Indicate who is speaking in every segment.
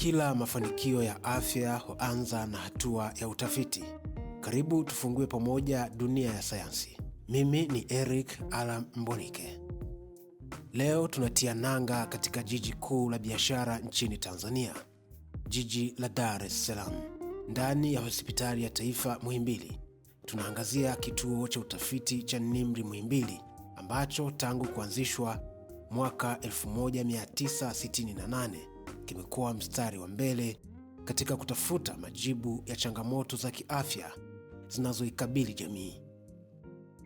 Speaker 1: Kila mafanikio ya afya huanza na hatua ya utafiti. Karibu tufungue pamoja dunia ya sayansi. Mimi ni Eric ala Mbonike. Leo tunatia nanga katika jiji kuu la biashara nchini Tanzania, jiji la Dar es Salaam, ndani ya hospitali ya taifa Muhimbili. Tunaangazia kituo cha utafiti cha nimri Muhimbili ambacho tangu kuanzishwa mwaka 1968 kimekuwa mstari wa mbele katika kutafuta majibu ya changamoto za kiafya zinazoikabili jamii.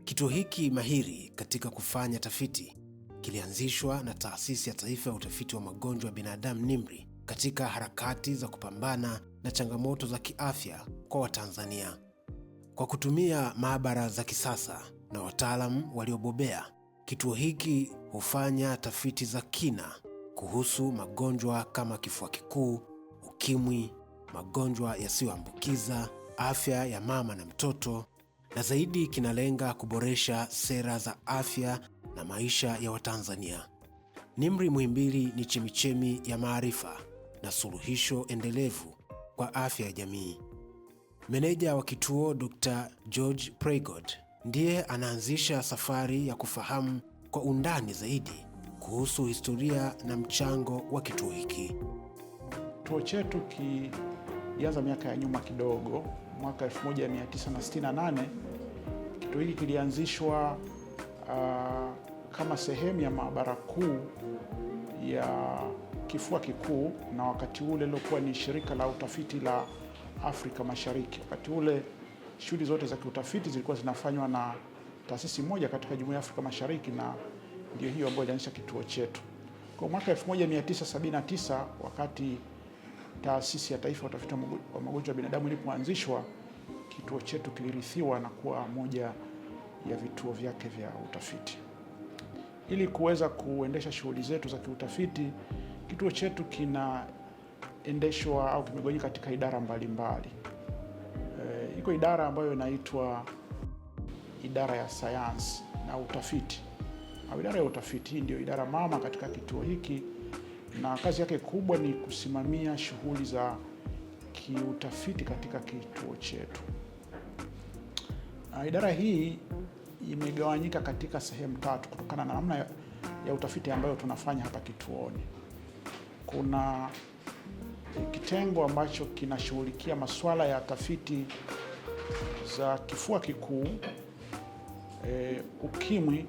Speaker 1: Kituo hiki mahiri katika kufanya tafiti kilianzishwa na Taasisi ya Taifa ya Utafiti wa Magonjwa ya Binadamu NIMRI katika harakati za kupambana na changamoto za kiafya kwa Watanzania. Kwa kutumia maabara za kisasa na wataalamu waliobobea, kituo hiki hufanya tafiti za kina kuhusu magonjwa kama kifua kikuu, ukimwi, magonjwa yasiyoambukiza, afya ya mama na mtoto, na zaidi kinalenga kuboresha sera za afya na maisha ya Watanzania. Nimri Muhimbili ni chemichemi ya maarifa na suluhisho endelevu kwa afya ya jamii. Meneja wa kituo Dr. George Preigot ndiye anaanzisha safari ya kufahamu kwa undani zaidi kuhusu historia na mchango wa kituo hiki. Kituo chetu kianza miaka ya nyuma kidogo, mwaka 1968 kituo hiki kilianzishwa uh, kama sehemu ya maabara kuu ya kifua kikuu, na wakati ule lilokuwa ni shirika la utafiti la Afrika Mashariki. Wakati ule shughuli zote za kiutafiti zilikuwa zinafanywa na taasisi moja katika Jumuiya ya Afrika Mashariki na ndio hiyo ambayo ilianzisha kituo chetu. Kwa mwaka 1979 wakati Taasisi ya Taifa ya Utafiti wa Magonjwa ya Binadamu ilipoanzishwa, kituo chetu kilirithiwa na kuwa moja ya vituo vyake vya utafiti. Ili kuweza kuendesha shughuli zetu za kiutafiti, kituo chetu kinaendeshwa au kimegawanyika katika idara mbalimbali. E, iko idara ambayo inaitwa idara ya sayansi na utafiti au idara ya utafiti, ndio idara mama katika kituo hiki, na kazi yake kubwa ni kusimamia shughuli za kiutafiti katika kituo chetu. idara hii imegawanyika katika sehemu tatu kutokana na namna ya, ya utafiti ambayo tunafanya hapa kituoni. Kuna kitengo ambacho kinashughulikia masuala ya tafiti za kifua kikuu, e, ukimwi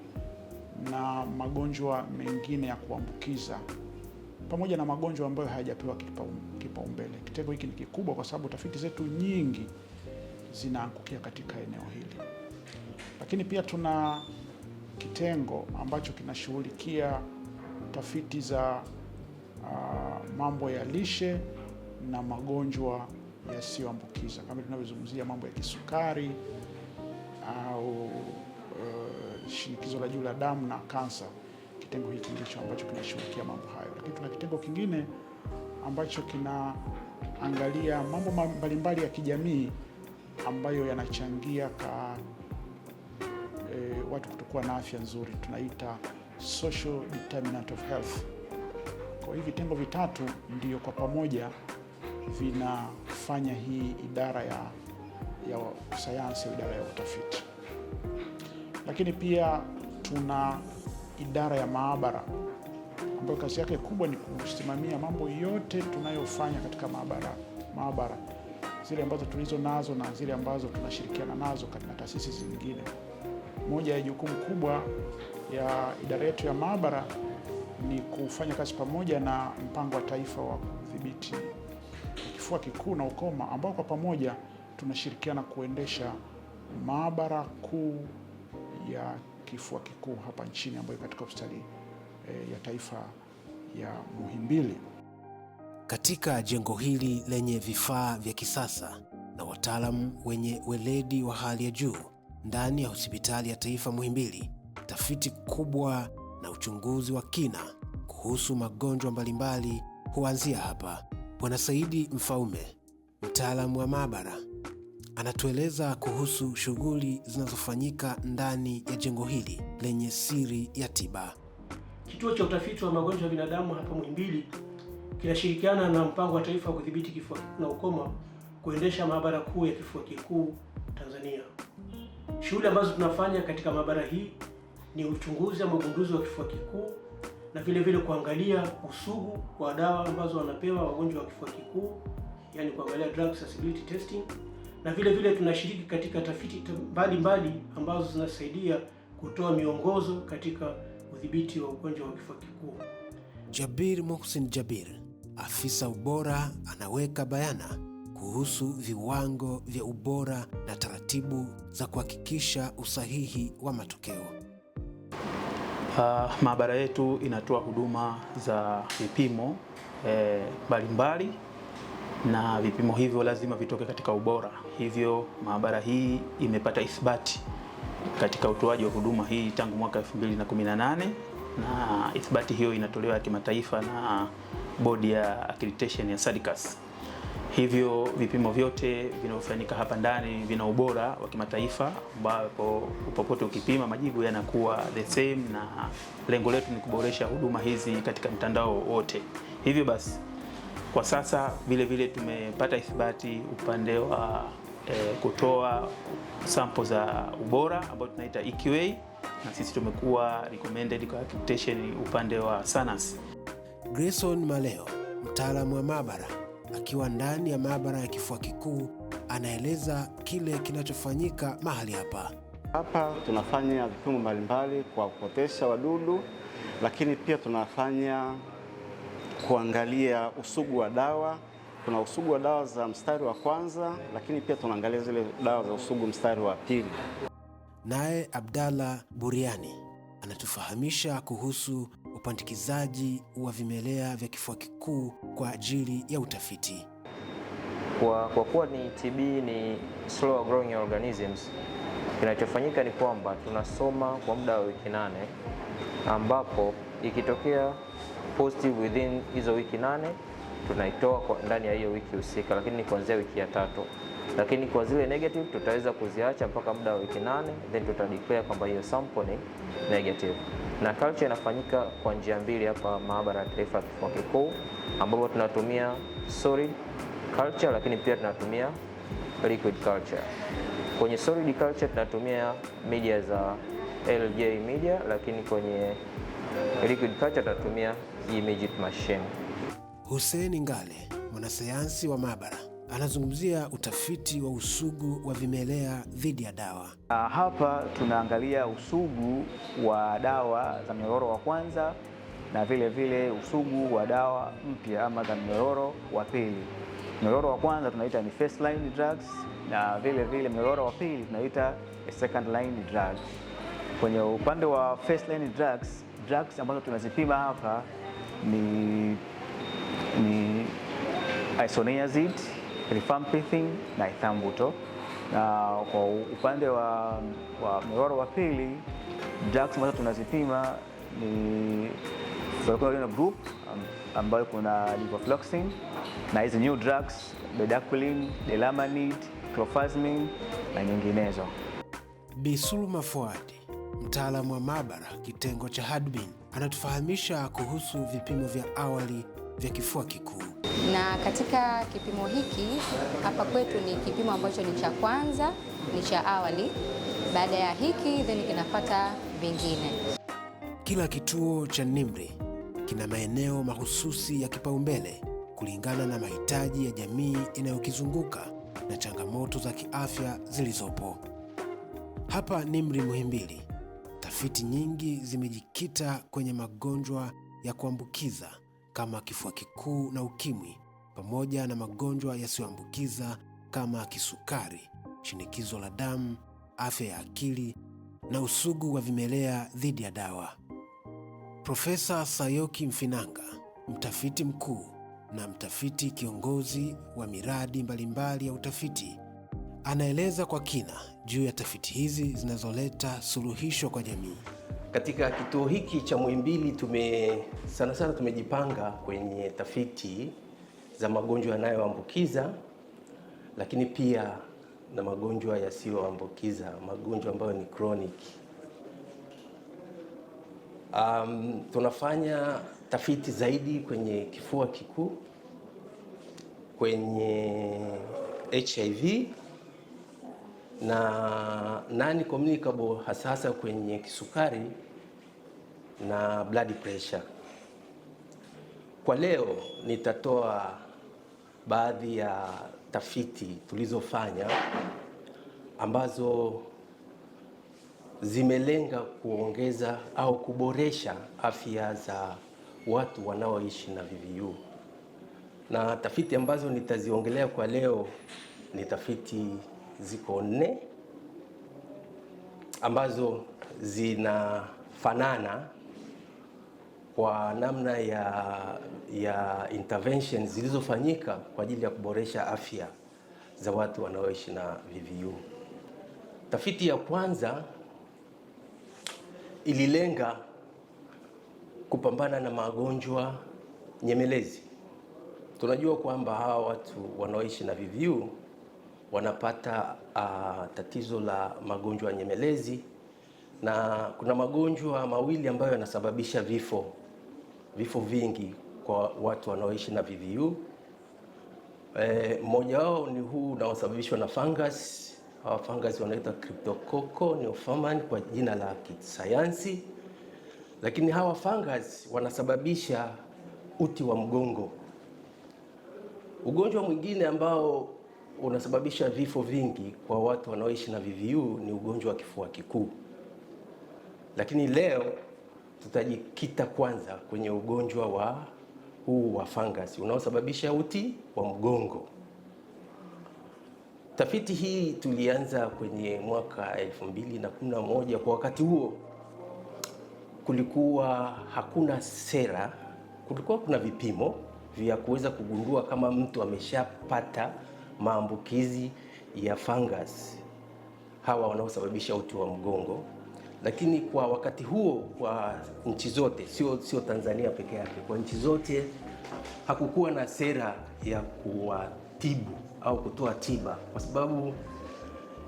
Speaker 1: na magonjwa mengine ya kuambukiza pamoja na magonjwa ambayo hayajapewa kipaumbele. Kipa kitengo hiki ni kikubwa kwa sababu tafiti zetu nyingi zinaangukia katika eneo hili, lakini pia tuna kitengo ambacho kinashughulikia tafiti za uh, mambo ya lishe na magonjwa yasiyoambukiza kama tunavyozungumzia mambo ya kisukari au shinikizo la juu la damu na kansa. Kitengo hiki ndicho ambacho kinashughulikia mambo hayo, lakini tuna kitengo kingine ambacho kinaangalia mambo mbalimbali ya kijamii ambayo yanachangia ka e, watu kutokuwa na afya nzuri, tunaita social determinant of health. Kwa hivi vitengo vitatu ndiyo kwa pamoja vinafanya hii idara ya, ya sayansi, idara ya utafiti. Lakini pia tuna idara ya maabara ambayo kazi yake kubwa ni kusimamia mambo yote tunayofanya katika maabara, maabara zile ambazo tulizo nazo na zile ambazo tunashirikiana nazo katika taasisi zingine. Moja ya jukumu kubwa ya idara yetu ya maabara ni kufanya kazi pamoja na mpango wa taifa wa kudhibiti kifua kikuu na ukoma ambao kwa pamoja tunashirikiana kuendesha maabara kuu ya kifua kikuu hapa nchini ambayo katika hospitali e, ya taifa ya
Speaker 2: Muhimbili. Katika jengo hili lenye vifaa vya kisasa na wataalamu wenye weledi wa hali ya juu ndani ya hospitali ya taifa Muhimbili, tafiti kubwa na uchunguzi wa kina kuhusu magonjwa mbalimbali huanzia hapa. Bwana Saidi Mfaume, mtaalamu wa maabara anatueleza kuhusu shughuli zinazofanyika ndani ya jengo hili lenye siri ya tiba.
Speaker 3: Kituo cha utafiti wa magonjwa ya binadamu hapa Muhimbili kinashirikiana na mpango wa taifa wa kudhibiti kifua na ukoma kuendesha maabara kuu ya kifua kikuu Tanzania. Shughuli ambazo tunafanya katika maabara hii ni uchunguzi ama magunduzi wa kifua kikuu na vile vile kuangalia usugu wa dawa ambazo wanapewa wagonjwa wa kifua kikuu, yani kuangalia drug testing na vile vile tunashiriki katika tafiti mbalimbali ambazo zinasaidia kutoa miongozo katika udhibiti wa ugonjwa wa kifua
Speaker 2: kikuu. Jabir Mohsin Jabir, afisa ubora, anaweka bayana kuhusu viwango vya ubora na taratibu za kuhakikisha usahihi wa matokeo.
Speaker 4: Uh, maabara yetu inatoa huduma za vipimo mbalimbali eh, na vipimo hivyo lazima vitoke katika ubora. Hivyo maabara hii imepata ithibati katika utoaji wa huduma hii tangu mwaka 2018 na, na ithibati hiyo inatolewa ya kimataifa na bodi ya accreditation ya SADCAS. Hivyo vipimo vyote vinavyofanyika hapa ndani vina ubora wa kimataifa, ambapo popote ukipima majibu yanakuwa the same, na lengo letu ni kuboresha huduma hizi katika mtandao wote. Hivyo basi kwa sasa vile vile tumepata ithibati upande wa e, kutoa sampo za ubora ambayo tunaita EQA na sisi tumekuwa recommended kwa accreditation upande wa SANAS.
Speaker 2: Grayson Maleo, mtaalamu wa maabara, akiwa ndani ya maabara ya kifua kikuu, anaeleza kile kinachofanyika mahali hapa.
Speaker 5: Hapa tunafanya vipimo mbalimbali kwa kupotesha wadudu, lakini pia tunafanya kuangalia usugu wa dawa. Kuna usugu wa dawa za mstari wa kwanza, lakini pia tunaangalia zile dawa za usugu mstari wa pili.
Speaker 2: Naye Abdalla Buriani anatufahamisha kuhusu upandikizaji wa vimelea vya kifua kikuu kwa ajili ya
Speaker 6: utafiti. Kwa, kwa kuwa ni TB ni slow growing organisms, kinachofanyika ni kwamba tunasoma kwa muda wa wiki nane ambapo Ikitokea positive within hizo wiki nane tunaitoa kwa ndani ya hiyo wiki husika, lakini kuanzia wiki ya tatu. Lakini kwa zile negative tutaweza kuziacha mpaka muda wa wiki nane, then tutadeclare kwamba hiyo sample ni negative. Na culture inafanyika kwa njia mbili hapa maabara ya Taifa ya Kifua Kikuu, ambapo tunatumia solid culture, lakini pia tunatumia liquid culture. Kwenye solid culture tunatumia media za LJ media, lakini kwenye Liquid culture tutatumia imaging machine.
Speaker 2: Hussein Ngale, mwanasayansi wa maabara, anazungumzia utafiti wa usugu wa vimelea dhidi
Speaker 7: ya dawa. Ah, hapa tunaangalia usugu wa dawa za mnyororo wa kwanza na vile vile usugu wa dawa mpya ama za mnyororo wa pili. Mnyororo wa kwanza tunaita ni first line drugs, na vile vile mnyororo wa pili tunaita second line drugs. Kwenye upande wa first line drugs drugs ambazo tunazipima hapa ni, ni isoniazid, rifampicin na ethambutol, na kwa upande wa, wa mnyororo wa pili drugs ambazo tunazipima ni floronion group ambayo kuna levofloxacin na hizi new drugs bedaquiline, delamanid clofazimine na nyinginezo.
Speaker 2: bisulu Sulma Fuadi mtaalamu wa maabara kitengo cha Hadbin, anatufahamisha kuhusu vipimo vya awali vya kifua kikuu.
Speaker 8: Na katika kipimo hiki hapa kwetu ni kipimo ambacho ni cha kwanza, ni cha awali. Baada ya hiki then kinapata vingine.
Speaker 2: Kila kituo cha nimri kina maeneo mahususi ya kipaumbele kulingana na mahitaji ya jamii inayokizunguka na changamoto za kiafya zilizopo. Hapa NIMRI Muhimbili Tafiti nyingi zimejikita kwenye magonjwa ya kuambukiza kama kifua kikuu na ukimwi, pamoja na magonjwa yasiyoambukiza kama kisukari, shinikizo la damu, afya ya akili na usugu wa vimelea dhidi ya dawa. Profesa Sayoki Mfinanga, mtafiti mkuu na mtafiti kiongozi wa miradi mbalimbali ya utafiti Anaeleza kwa kina juu ya tafiti hizi zinazoleta suluhisho kwa jamii.
Speaker 9: Katika kituo hiki cha Muhimbili tume sana sana tumejipanga kwenye tafiti za magonjwa yanayoambukiza, lakini pia na magonjwa yasiyoambukiza, magonjwa ambayo ni chronic. Um, tunafanya tafiti zaidi kwenye kifua kikuu, kwenye HIV na nani communicable hasa hasa kwenye kisukari na blood pressure. Kwa leo nitatoa baadhi ya tafiti tulizofanya ambazo zimelenga kuongeza au kuboresha afya za watu wanaoishi na VVU. Na tafiti ambazo nitaziongelea kwa leo ni tafiti ziko nne ambazo zinafanana kwa namna ya, ya intervention zilizofanyika kwa ajili ya kuboresha afya za watu wanaoishi na VVU. Tafiti ya kwanza ililenga kupambana na magonjwa nyemelezi. Tunajua kwamba hawa watu wanaoishi na VVU wanapata uh, tatizo la magonjwa nyemelezi, na kuna magonjwa mawili ambayo yanasababisha vifo vifo vingi kwa watu wanaoishi na VVU. Eh, mmoja e, wao ni huu unaosababishwa na fungus. Hawa fungus wanaitwa Cryptococcus neoformans kwa jina la kisayansi, lakini hawa fungus wanasababisha uti wa mgongo. Ugonjwa mwingine ambao unasababisha vifo vingi kwa watu wanaoishi na VVU ni ugonjwa wa kifua kikuu, lakini leo tutajikita kwanza kwenye ugonjwa wa huu wa fangasi unaosababisha uti wa mgongo. Tafiti hii tulianza kwenye mwaka 2011. Kwa wakati huo kulikuwa hakuna sera, kulikuwa kuna vipimo vya kuweza kugundua kama mtu ameshapata maambukizi ya fungus hawa wanaosababisha uti wa mgongo, lakini kwa wakati huo kwa nchi zote, sio sio Tanzania peke yake, kwa nchi zote hakukuwa na sera ya kuwatibu au kutoa tiba, kwa sababu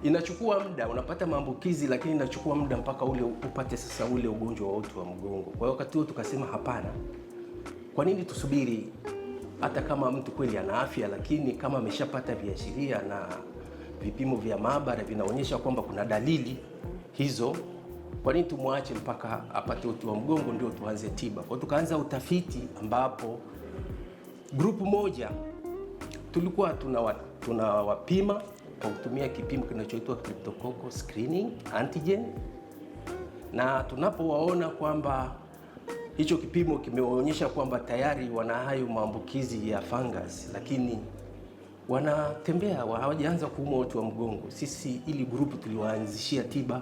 Speaker 9: inachukua muda. Unapata maambukizi, lakini inachukua muda mpaka ule upate sasa ule ugonjwa wa uti wa mgongo. Kwa hiyo wakati huo tukasema hapana, kwa nini tusubiri hata kama mtu kweli ana afya, lakini kama ameshapata viashiria na vipimo vya maabara vinaonyesha kwamba kuna dalili hizo, kwa nini tumwache mpaka apate uti wa mgongo ndio tuanze tiba? Kwa tukaanza utafiti ambapo grupu moja tulikuwa tunawapima tuna kwa kutumia kipimo kinachoitwa cryptococcal screening antigen, na tunapowaona kwamba hicho kipimo kimeonyesha kwamba tayari wana hayo maambukizi ya fungus, lakini wanatembea hawajaanza kuumwa watu wa mgongo. Sisi ili grupu tuliwaanzishia tiba,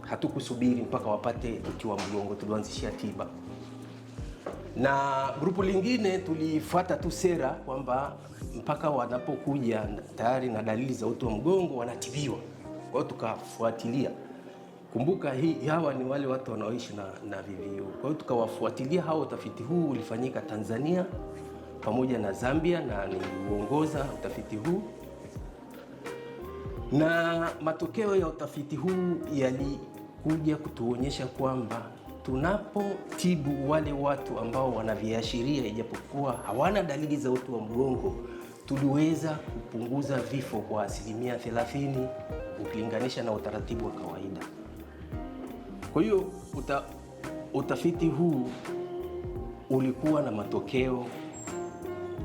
Speaker 9: hatukusubiri mpaka wapate uti wa mgongo, tuliwaanzishia tiba. Na grupu lingine tulifuata tu sera kwamba mpaka wanapokuja tayari na dalili za uti wa mgongo wanatibiwa. Kwa hiyo tukafuatilia Kumbuka hii hawa ni wale watu wanaoishi na, na VVU. Kwa hiyo tukawafuatilia hao. Utafiti huu ulifanyika Tanzania pamoja na Zambia na niliuongoza utafiti huu, na matokeo ya utafiti huu yalikuja kutuonyesha kwamba tunapotibu wale watu ambao wanaviashiria ijapokuwa hawana dalili za uti wa mgongo tuliweza kupunguza vifo kwa asilimia 30 ukilinganisha na utaratibu wa kawaida. Kwa hiyo uta, utafiti huu ulikuwa na matokeo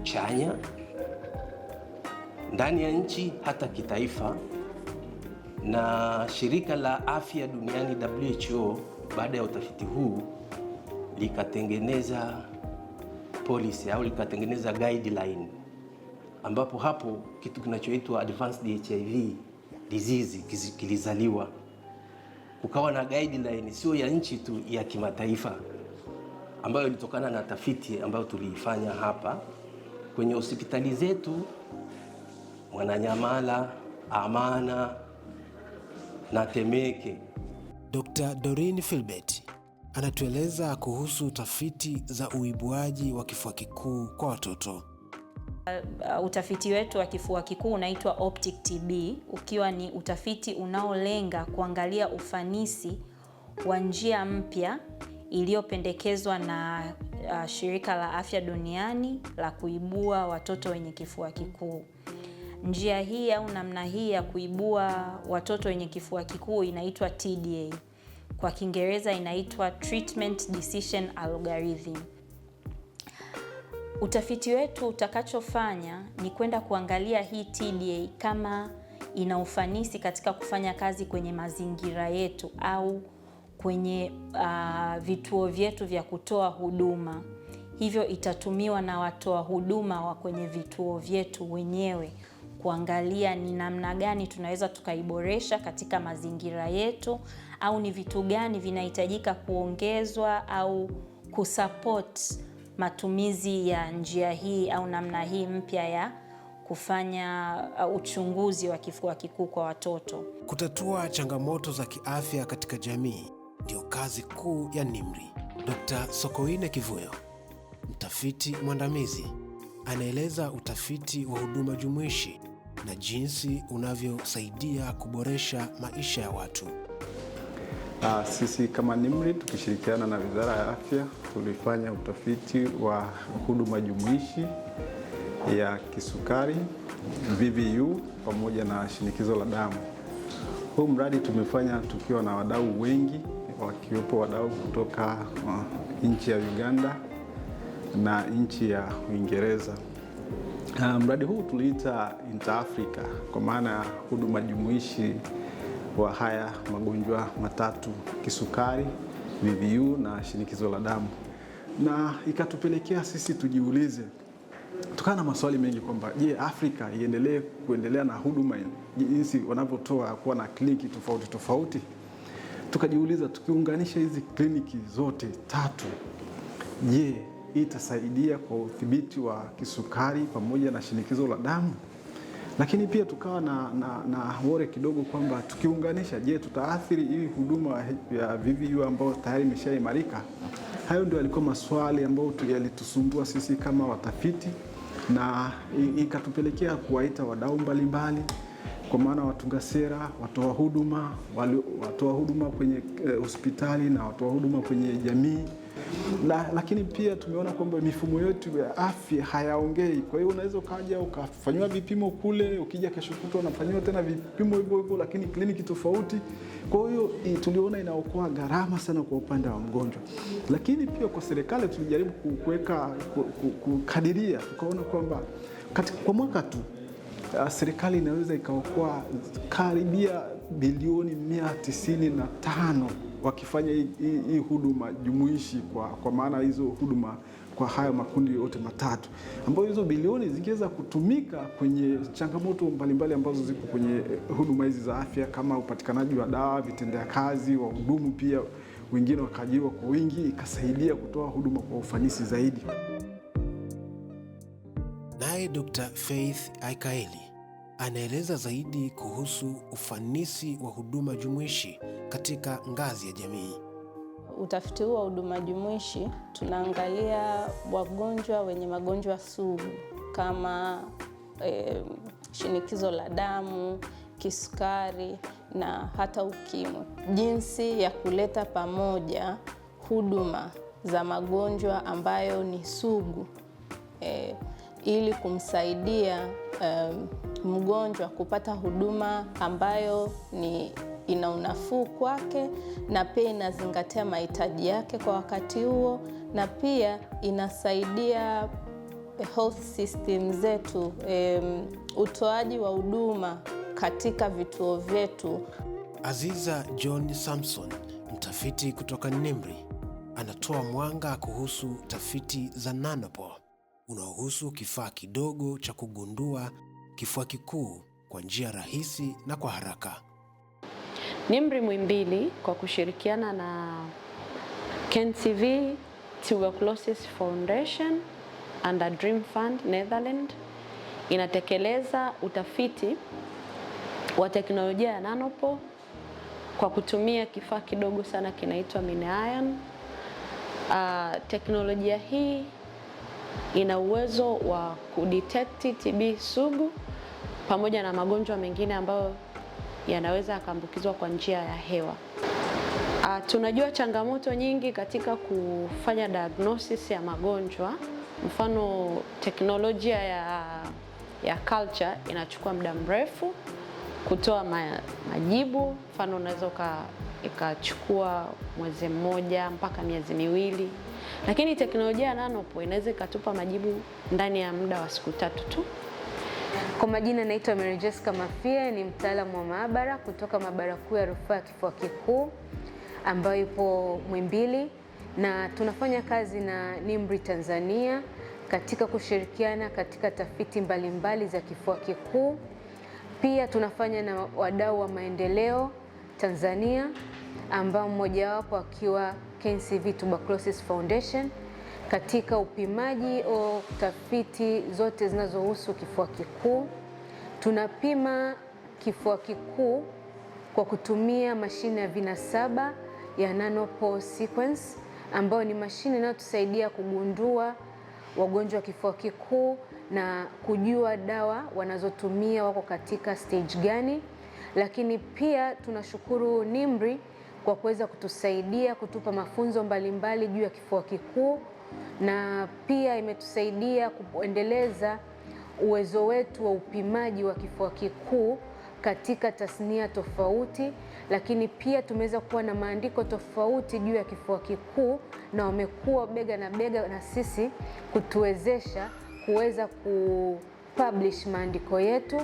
Speaker 9: chanya ndani ya nchi hata kitaifa, na shirika la afya duniani WHO, baada ya utafiti huu likatengeneza policy au likatengeneza guideline, ambapo hapo kitu kinachoitwa advanced HIV disease kilizaliwa kukawa na guideline sio ya nchi tu, ya kimataifa ambayo ilitokana na tafiti ambayo tuliifanya hapa kwenye hospitali zetu Mwananyamala, Amana na
Speaker 2: Temeke. Dr. Doreen Philbert anatueleza kuhusu tafiti za uibuaji wa kifua kikuu kwa watoto.
Speaker 10: Uh, utafiti wetu wa kifua kikuu unaitwa Optic TB ukiwa ni utafiti unaolenga kuangalia ufanisi wa njia mpya iliyopendekezwa na uh, shirika la afya duniani la kuibua watoto wenye kifua kikuu. Njia hii au namna hii ya kuibua watoto wenye kifua kikuu inaitwa TDA, kwa Kiingereza inaitwa Treatment Decision Algorithm. Utafiti wetu utakachofanya ni kwenda kuangalia hii TDA kama ina ufanisi katika kufanya kazi kwenye mazingira yetu au kwenye uh, vituo vyetu vya kutoa huduma. Hivyo itatumiwa na watoa huduma wa kwenye vituo vyetu wenyewe kuangalia ni namna gani tunaweza tukaiboresha katika mazingira yetu, au ni vitu gani vinahitajika kuongezwa au kusupport matumizi ya njia hii au namna hii mpya ya kufanya uh, uchunguzi wa kifua kikuu kwa
Speaker 2: watoto. Kutatua changamoto za kiafya katika jamii ndio kazi kuu ya NIMR. Dkt. Sokoine Kivuyo, mtafiti mwandamizi, anaeleza utafiti wa huduma jumuishi na jinsi unavyosaidia kuboresha maisha ya watu.
Speaker 11: Ah, sisi kama NIMR tukishirikiana na Wizara ya Afya tulifanya utafiti wa huduma jumuishi ya kisukari VVU pamoja na shinikizo la damu. Huu mradi tumefanya tukiwa na wadau wengi wakiwepo wadau kutoka ah, nchi ya Uganda na nchi ya Uingereza. Ah, mradi huu tuliita Inter Africa kwa maana ya huduma jumuishi kwa haya magonjwa matatu: kisukari, VVU na shinikizo la damu, na ikatupelekea sisi tujiulize tukawa na maswali mengi kwamba je, Afrika iendelee kuendelea na huduma jinsi wanavyotoa kuwa na kliniki tofauti tofauti? Tukajiuliza, tukiunganisha hizi kliniki zote tatu, je, itasaidia kwa udhibiti wa kisukari pamoja na shinikizo la damu? lakini pia tukawa na, na, na wore kidogo kwamba tukiunganisha, je, tutaathiri hii huduma ya VVU ambayo tayari imeshaimarika? Hayo ndio yalikuwa maswali ambayo yalitusumbua sisi kama watafiti na ikatupelekea kuwaita wadau mbalimbali kwa maana watunga sera, watoa huduma, watoa huduma kwenye eh, hospitali na watoa huduma kwenye jamii na, lakini pia tumeona kwamba mifumo yetu ya afya hayaongei. Kwa hiyo unaweza ukaja ukafanyiwa vipimo kule, ukija kesho kutwa unafanyiwa tena vipimo hivyo hivyo, lakini kliniki tofauti. Kwa hiyo tuliona inaokoa gharama sana kwa upande wa mgonjwa, lakini pia kwa serikali tulijaribu kuweka kukadiria, tukaona kwamba kwa mwaka tu serikali inaweza ikaokoa karibia bilioni mia tisini na tano wakifanya hii huduma jumuishi kwa, kwa maana hizo huduma kwa hayo makundi yote matatu, ambayo hizo bilioni zingeweza kutumika kwenye changamoto mbalimbali ambazo ziko kwenye eh, huduma hizi za afya kama upatikanaji wa dawa, vitendea kazi, wahudumu pia wengine wakaajiriwa kwa wingi, ikasaidia kutoa huduma kwa ufanisi zaidi.
Speaker 2: Naye Dr. Faith Aikaeli anaeleza zaidi kuhusu ufanisi wa huduma jumuishi katika ngazi ya jamii.
Speaker 12: Utafiti huu wa huduma jumuishi tunaangalia wagonjwa wenye magonjwa sugu kama e, shinikizo la damu, kisukari na hata ukimwi, jinsi ya kuleta pamoja huduma za magonjwa ambayo ni sugu e, ili kumsaidia um, mgonjwa kupata huduma ambayo ni ina unafuu kwake na pia inazingatia mahitaji yake kwa wakati huo, na pia inasaidia health system zetu, um, utoaji wa huduma katika vituo
Speaker 2: vyetu. Aziza John Samson, mtafiti kutoka NIMR, anatoa mwanga kuhusu tafiti za Nanopore unaohusu kifaa kidogo cha kugundua kifua kikuu kwa njia rahisi na kwa haraka.
Speaker 13: NIMR Muhimbili kwa kushirikiana na KNCV Tuberculosis Foundation a Dream Fund Netherlands inatekeleza utafiti wa teknolojia ya nanopo kwa kutumia kifaa kidogo sana kinaitwa MinION. Uh, ah, teknolojia hii ina uwezo wa kudetect TB sugu pamoja na magonjwa mengine ambayo yanaweza yakaambukizwa kwa njia ya hewa.
Speaker 14: A, ah, tunajua changamoto nyingi katika kufanya diagnosis ya magonjwa. Mfano, teknolojia ya, ya culture inachukua muda mrefu kutoa ma, majibu. Mfano, unaweza ikachukua mwezi mmoja mpaka miezi miwili. Lakini teknolojia ya nanopo inaweza ikatupa majibu ndani ya muda wa siku tatu tu.
Speaker 15: Kwa majina naitwa Mary Jessica Mafia, ni mtaalamu wa maabara kutoka maabara kuu ya rufaa ya kifua kikuu ambayo ipo Mwimbili na tunafanya kazi na NIMR Tanzania katika kushirikiana katika tafiti mbalimbali mbali za kifua kikuu. Pia tunafanya na wadau wa maendeleo Tanzania ambao mmojawapo akiwa KNCV Tuberculosis Foundation katika upimaji au tafiti zote zinazohusu kifua kikuu. Tunapima kifua kikuu kwa kutumia mashine ya vinasaba ya nanopore sequence ambayo ni mashine inayotusaidia kugundua wagonjwa wa kifua kikuu na kujua dawa wanazotumia wako katika stage gani. Lakini pia tunashukuru nimri kwa kuweza kutusaidia kutupa mafunzo mbalimbali juu ya kifua kikuu, na pia imetusaidia kuendeleza uwezo wetu wa upimaji wa kifua kikuu katika tasnia tofauti, lakini pia tumeweza kuwa na maandiko tofauti juu ya kifua kikuu, na wamekuwa bega na bega na sisi kutuwezesha kuweza ku kupublish maandiko yetu,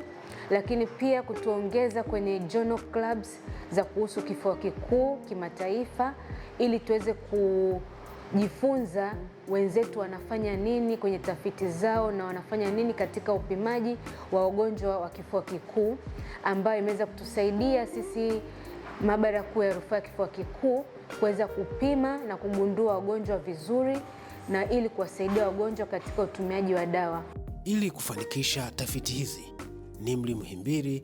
Speaker 15: lakini pia kutuongeza kwenye journal clubs za kuhusu kifua kikuu kimataifa, ili tuweze kujifunza wenzetu wanafanya nini kwenye tafiti zao na wanafanya nini katika upimaji wa wagonjwa wa kifua kikuu, ambayo imeweza kutusaidia sisi maabara kuu ya rufaa ya kifua kikuu kuweza kupima na kugundua wagonjwa vizuri na ili kuwasaidia wagonjwa katika utumiaji
Speaker 2: wa dawa. Ili kufanikisha tafiti hizi, NIMR Muhimbili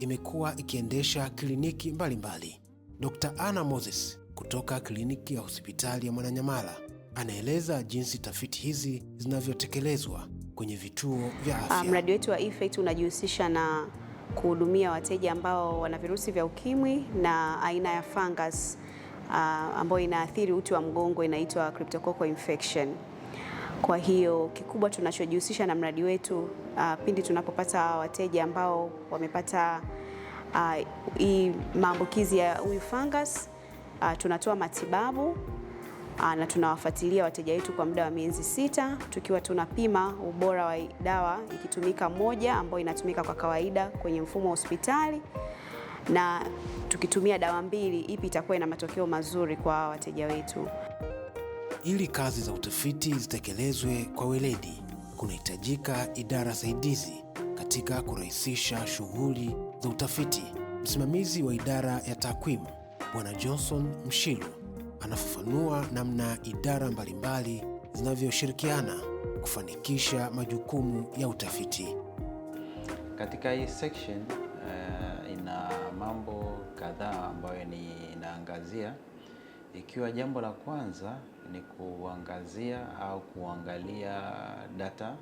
Speaker 2: imekuwa ikiendesha kliniki mbalimbali. Dr. Anna Moses kutoka kliniki ya hospitali ya Mwananyamala anaeleza jinsi tafiti hizi zinavyotekelezwa kwenye
Speaker 16: vituo vya afya. Ah, mradi wetu wa IFET unajihusisha na kuhudumia wateja ambao wana virusi vya ukimwi na aina ya fungus uh, ambayo inaathiri uti wa mgongo inaitwa cryptococcal infection. Kwa hiyo kikubwa tunachojihusisha na mradi wetu uh, pindi tunapopata wateja ambao wamepata uh, maambukizi ya huyu fungus uh, tunatoa matibabu uh, na tunawafuatilia wateja wetu kwa muda wa miezi sita, tukiwa tunapima ubora wa dawa ikitumika moja ambayo inatumika kwa kawaida kwenye mfumo wa hospitali na tukitumia dawa mbili, ipi itakuwa ina matokeo mazuri kwa wateja wetu.
Speaker 2: Ili kazi za utafiti zitekelezwe kwa weledi, kunahitajika idara saidizi katika kurahisisha shughuli za utafiti. Msimamizi wa idara ya takwimu Bwana Johnson Mshilu anafafanua namna idara mbalimbali zinavyoshirikiana kufanikisha majukumu ya utafiti.
Speaker 17: Katika hii section uh, ina mambo kadhaa ambayo ni inaangazia ikiwa jambo la kwanza ni kuangazia au kuangalia data,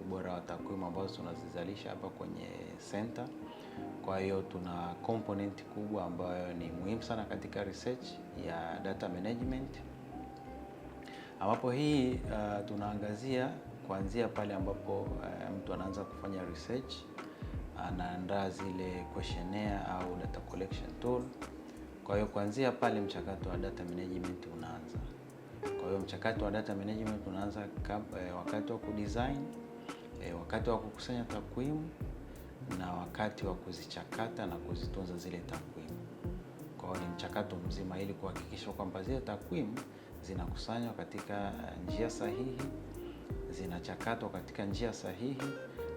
Speaker 17: ubora wa takwimu ambazo tunazizalisha hapa kwenye center. Kwa hiyo tuna component kubwa ambayo ni muhimu sana katika research ya data management, ambapo hii uh, tunaangazia kuanzia pale ambapo uh, mtu anaanza kufanya research, anaandaa zile questionnaire au data collection tool kwa hiyo kuanzia pale mchakato wa data management unaanza. Kwa hiyo mchakato wa data management unaanza eh, wakati wa kudesign, eh, wakati wa kukusanya takwimu na wakati wa kuzichakata na kuzitunza zile takwimu. Kwa hiyo ni mchakato mzima ili kuhakikisha kwamba zile takwimu zinakusanywa katika eh, njia sahihi, zinachakatwa katika njia sahihi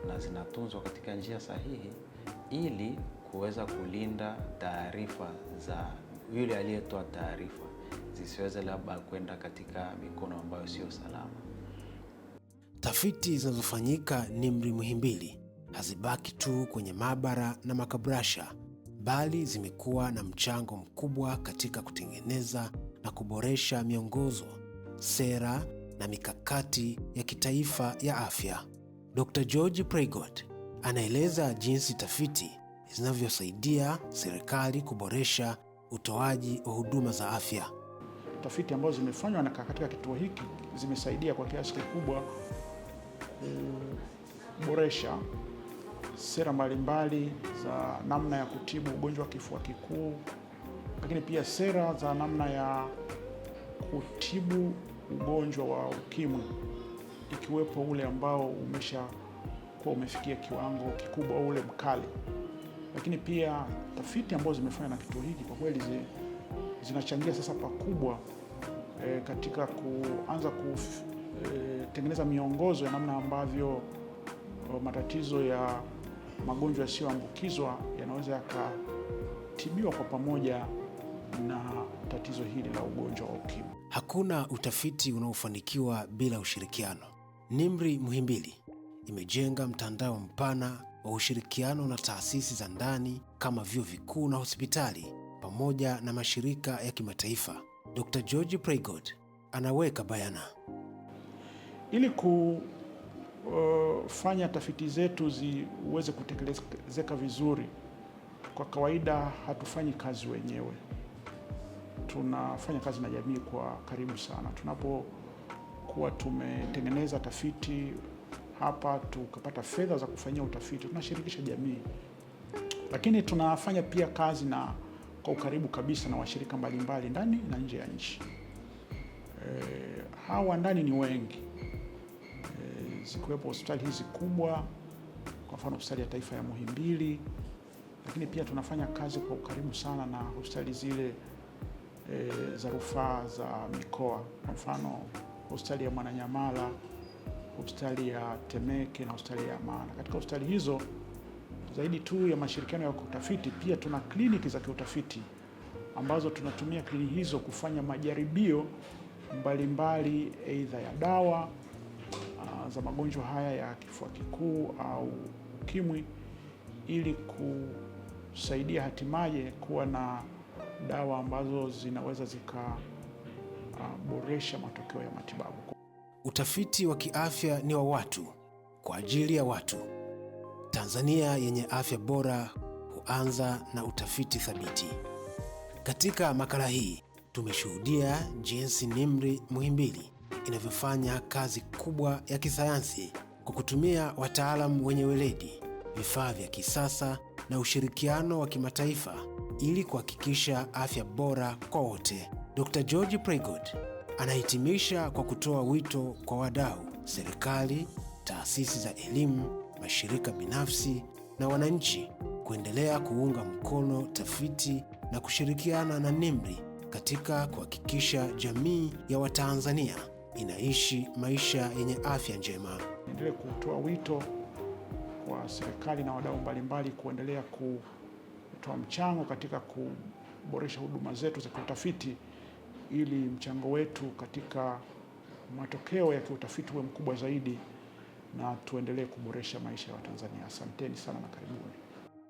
Speaker 17: na zinatunzwa katika njia sahihi ili kuweza kulinda taarifa za yule aliyetoa taarifa zisiweze labda kwenda katika mikono ambayo sio salama.
Speaker 2: Tafiti zinazofanyika Nimr Muhimbili hazibaki tu kwenye maabara na makabrasha, bali zimekuwa na mchango mkubwa katika kutengeneza na kuboresha miongozo, sera na mikakati ya kitaifa ya afya. Dr. George Preigot anaeleza jinsi tafiti zinavyosaidia serikali kuboresha utoaji wa huduma za
Speaker 1: afya. Tafiti ambazo zimefanywa na katika kituo hiki zimesaidia kwa kiasi kikubwa kuboresha sera mbalimbali za namna ya kutibu ugonjwa wa kifua kikuu, lakini pia sera za namna ya kutibu ugonjwa wa ukimwi ikiwepo ule ambao umeshakuwa umefikia kiwango kikubwa, ule mkali lakini pia tafiti ambazo zimefanywa na kituo hiki kwa kweli zi, zinachangia sasa pakubwa e, katika kuanza kutengeneza eh, e, miongozo ya namna ambavyo eh, matatizo ya magonjwa yasiyoambukizwa yanaweza yakatibiwa kwa pamoja na tatizo hili la ugonjwa wa
Speaker 2: UKIMWI. Hakuna utafiti unaofanikiwa bila ushirikiano. NIMR Muhimbili imejenga mtandao mpana wa ushirikiano na taasisi za ndani kama vyuo vikuu na hospitali pamoja na mashirika ya kimataifa. Dr. George Preigot anaweka bayana,
Speaker 1: ili kufanya uh, tafiti zetu ziweze kutekelezeka vizuri, kwa kawaida hatufanyi kazi wenyewe, tunafanya kazi na jamii kwa karibu sana. Tunapokuwa tumetengeneza tafiti hapa, tukapata fedha za kufanyia utafiti. Tunashirikisha jamii, lakini tunafanya pia kazi na kwa ukaribu kabisa na washirika mbalimbali ndani na nje ya nchi. E, hawa ndani ni wengi e, zikiwepo hospitali hizi kubwa, kwa mfano hospitali ya taifa ya Muhimbili, lakini pia tunafanya kazi kwa ukaribu sana na hospitali zile e, za rufaa za mikoa, kwa mfano hospitali ya Mwananyamala hospitali ya Temeke na hospitali ya Amana. Katika hospitali hizo zaidi tu ya mashirikiano ya utafiti, pia tuna kliniki za kiutafiti ambazo tunatumia kliniki hizo kufanya majaribio mbalimbali, aidha ya dawa ah, za magonjwa haya ya kifua kikuu au ukimwi, ili kusaidia hatimaye kuwa na dawa ambazo zinaweza zikaboresha matokeo ya
Speaker 2: matibabu. Utafiti wa kiafya ni wa watu kwa ajili ya watu. Tanzania yenye afya bora huanza na utafiti thabiti. Katika makala hii tumeshuhudia jinsi NIMR Muhimbili inavyofanya kazi kubwa ya kisayansi kwa kutumia wataalamu wenye weledi, vifaa vya kisasa na ushirikiano wa kimataifa ili kuhakikisha afya bora kwa wote. Dr. George Prigod, Anahitimisha kwa kutoa wito kwa wadau, serikali, taasisi za elimu, mashirika binafsi na wananchi kuendelea kuunga mkono tafiti na kushirikiana na nimri katika kuhakikisha jamii ya Watanzania inaishi maisha yenye afya
Speaker 1: njema. Endelee kutoa wito kwa serikali na wadau mbalimbali kuendelea kutoa mchango katika kuboresha huduma zetu za kiutafiti ili mchango wetu katika matokeo ya kiutafiti uwe mkubwa zaidi na tuendelee kuboresha maisha ya Watanzania. Asanteni sana na
Speaker 2: karibuni.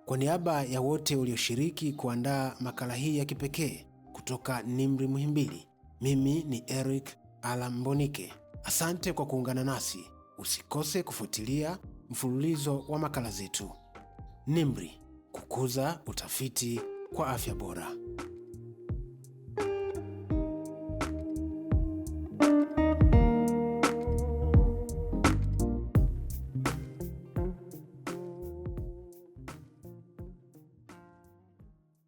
Speaker 2: Kwa niaba ya wote walioshiriki kuandaa makala hii ya kipekee kutoka NIMR Muhimbili, mimi ni Eric Alambonike. Asante kwa kuungana nasi. Usikose kufuatilia mfululizo wa makala zetu. NIMR, kukuza utafiti kwa afya bora.